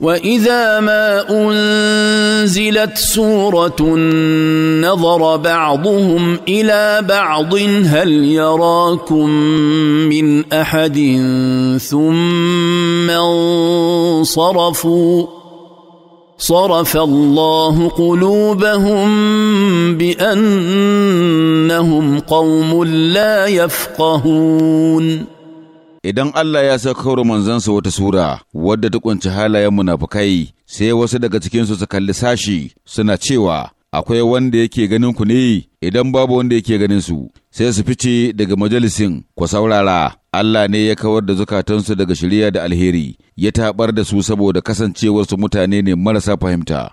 واذا ما انزلت سوره نظر بعضهم الى بعض هل يراكم من احد ثم انصرفوا صرف الله قلوبهم بانهم قوم لا يفقهون Idan Allah ya saukar manzansa wata sura wadda ta kunci halayen munafukai sai wasu daga cikinsu su kalli sashi suna cewa akwai wanda yake ganin ku ne idan babu wanda yake ganin su sai su fice daga majalisin ku saurara Allah ne ya kawar da zukatansu daga shirya da alheri ya tabar da su saboda kasancewarsu mutane ne marasa fahimta